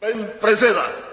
Pen prezeda.